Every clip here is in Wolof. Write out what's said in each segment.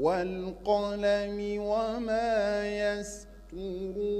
والقلم وما يسترون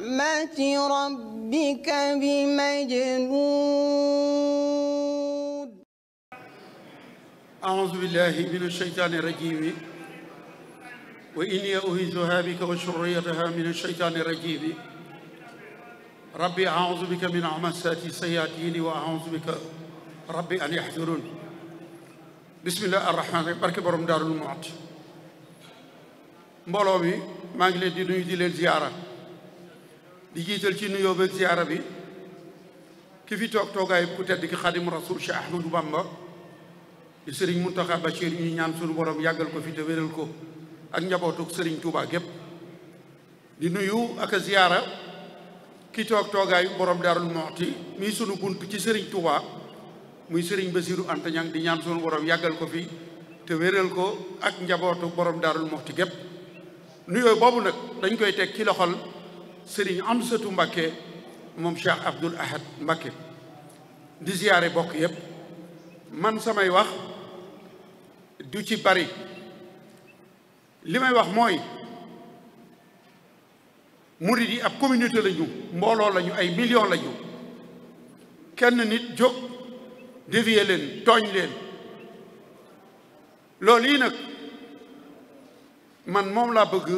نعمة ربك بمجنون أعوذ بالله من الشيطان الرجيم وإني أعيذها بك وشريتها من الشيطان الرجيم ربي أعوذ بك من عمسات الشياطين وأعوذ بك ربي أن يحضرون بسم الله الرحمن الرحيم barke borom Daaru Muxti mbooloo mi maa ngi leen di nuyu di leen ziyaara di jiital ci nuyoo beeg ziyaara bi ki fi toog toogaay ku tedd ki xadim rasul Cheikh Ahmadou Bamba di sëriñ Muntaxa Bachir ñuy ñaan suñu borom yàggal ko fi te ak njabootuk sëriñ Touba gépp di nuyu ak ki toog toogaayu borom Daarul Muxti mii sunu bunt ci sëriñ Touba muy sëriñ Basiru Anta di ñaan suñu borom yàggal ko fi te wéral ko ak njabootu borom Daarul Muxti gépp nuyoo boobu nag dañ koy teg ci loxol sëriñ Amsatu Mbakke moom Cheikh Abdoul Ahad Mbakke di ziyaare bokk yépp man samay wax du ci bari li may wax mooy murid yi ab communité la ñu mbooloo lañu ay million la ñu kenn nit jóg dévier leen tooñ leen loolu yi nag man moom laa bëgg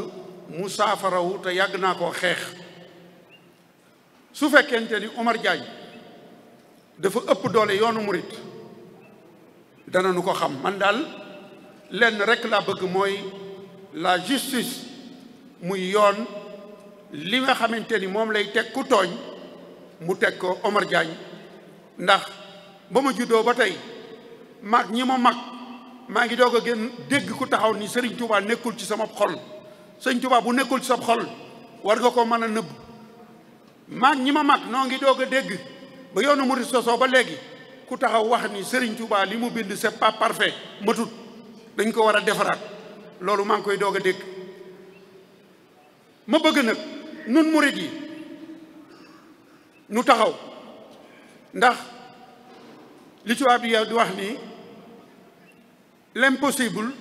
mu saafarawu te yàgg naa koo xeex su fekkente ni Omar dafa ëpp doole yoonu murit dana nu ko xam man daal lenn rek laa bëgg mooy la justice muy yoon li nga xamante ni moom lay teg ku tooñ mu teg ko Omar ndax ba ma juddoo ba tey mag ñi ma mag maa ngi doog a gën dégg ku taxaw ni Serigne Touba nekkul ci sama xol sëñ Tuubaa bu nekkul ci sab xol war nga koo mën a nëbb maa ñi ma mag noo ngi doog a dégg ba yoonu murid sosoo ba léegi ku taxaw wax ni sëriñ Touba li mu bind c'est pas parfait matut dañ ko war a defaraat loolu maa ngi koy doog a dégg ma bëgg nag nun murid yi nu taxaw ndax li tubaab di di wax ni l'impossible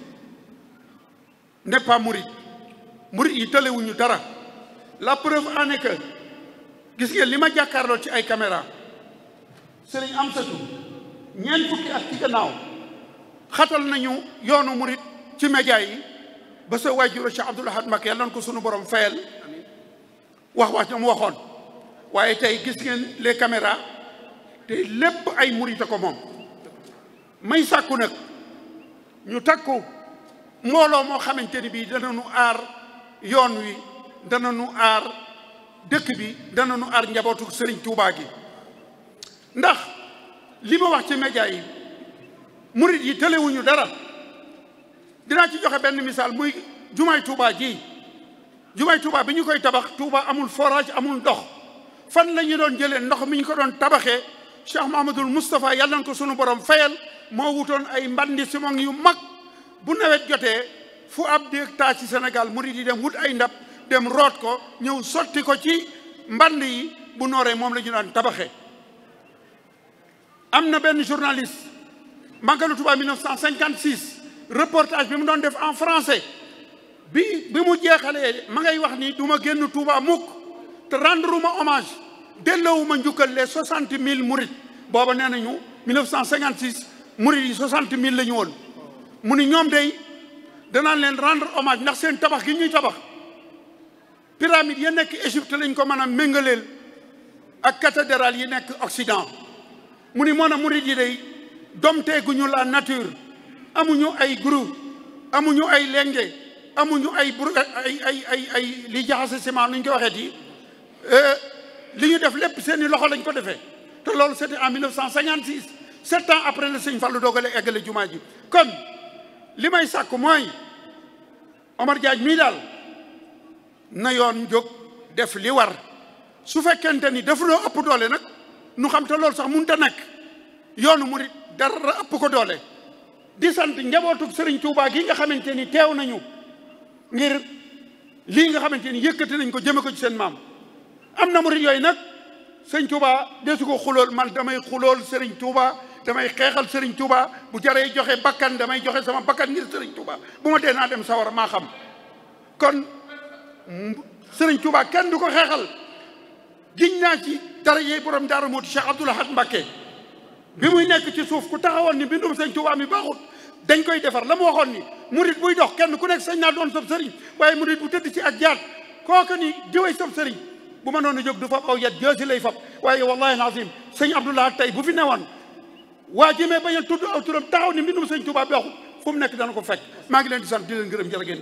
n'est pas mouride murit yi tëlewuñu dara la preuve en gis ngeen li ma jàkkaarloo ci ay caméra sëriñ am satu ñeent fukki at ci xatal nañu yoonu murit ci média yi ba sa waajur Cheikh Abdoul Ahad Mbacké yàlla ko sunu borom fayal wax wax ñoom waxoon waaye tey gis ngeen les caméras te lépp ay murit ko moom may sàkku nag ñu takku mbooloo moo xamante ni bii danañu aar yoon wi dana nu aar dëkk bi dana nu aar njabootu sëriñ tuubaa gi ndax li ma wax ci média yi murit yi tëlewuñu dara dinaa ci joxe benn misaal muy jumaay tuubaa ji jumaay Touba bi ñu koy tabax tuubaa amul forage amul ndox fan la doon jëlee ndox mi ñu ko doon tabaxee Cheikh Mahamadul Moustapha yàlla na ko sunu borom fayal moo wutoon ay mbandi simon yu mag bu nawet jotee fu ab déeg taa ci Sénégal murid yi dem wut ay ndab dem root ko ñëw sotti ko ci mband yi bu nooree moom la ñu daan tabaxee am na benn journaliste Magalu Touba 1956 reportage bi mu doon def en français bi bi mu jeexalee ma ngay wax nii du ma génn tuuba mukk te rendre ma hommage delloowuma njukkal les 60 000 murid booba nee nañu 1956 murid yi 60 mille la ñu woon mu ni ñoom day danaan leen rendre omage ndax seen tabax gi ñuy tabax pyramide ya nekk Égypte lañ ko mën a méngaleel ak cathédrale yi nekk Occident mu ni mu a murid yi day ñu la nature amuñu ay groupe amuñu ay lenge amuñu ay bur ay ay ay ay li jaxase ciment nu ñu koy waxeet euh, li ñu def lépp seeni loxo lañ ko defee te loolu c'était en 1956 sept ans après le sëñ Fallou doogale eggale jumaa ji kon li may sàkk mooy Omar Diagne mii daal na yoon jóg def li war su fekkente ni daf noo ëpp doole nag nu xam te loolu sax mënut a nekk yoonu murit dara ëpp ko doole di sant njabootu Serigne Touba gi nga xamante ni teew nañu ngir lii nga xamante ni yëkkati nañ ko jëme ko ci seen maam am na murit yooyu nag sëñ Touba desu ko xulool man damay xulool sëriñ Touba damay xeexal Serigne Touba bu jaree joxe bakkan damay joxe sama bakkan ngir Serigne Touba bu ma dee naa dem sawar maa xam kon Serigne Touba kenn du ko xeexal giñ naa ci darajey borom Daaru Muti Cheikh Abdoul Ahad Mbacké bi muy nekk ci suuf ku taxawoon ni bindum Serigne Touba mi baaxut dañ koy defar la mu waxoon ni murit buy dox kenn ku nekk sañ naa doon sab sëriñ waaye murit bu tëdd ci ak jaat koo ni diway sab sëriñ bu ma noonu jóg du fab aw yat joosi lay fab waaye wallahi alazim sëñ Abdoulaye tey bu fi newoon waa ji may bañ a tudd aw turam taxaw ni mbindum sëñ Tuubaa bi waxu fu mu nekk dana ko fekk maa ngi leen di sant di leen gërëm jërë ngeen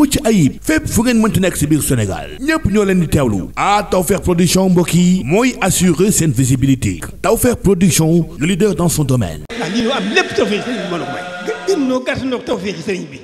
mucc ayib fépp fu ngeen mënti nekk si biir Sénégal ñépp ñoo leen di teewlu ah Tawfekh production mbokk yi mooy assurer seen visibilité Tawfekh production le leader dans son domaine. Ah, am lépp Tawfekh sëriñ bi.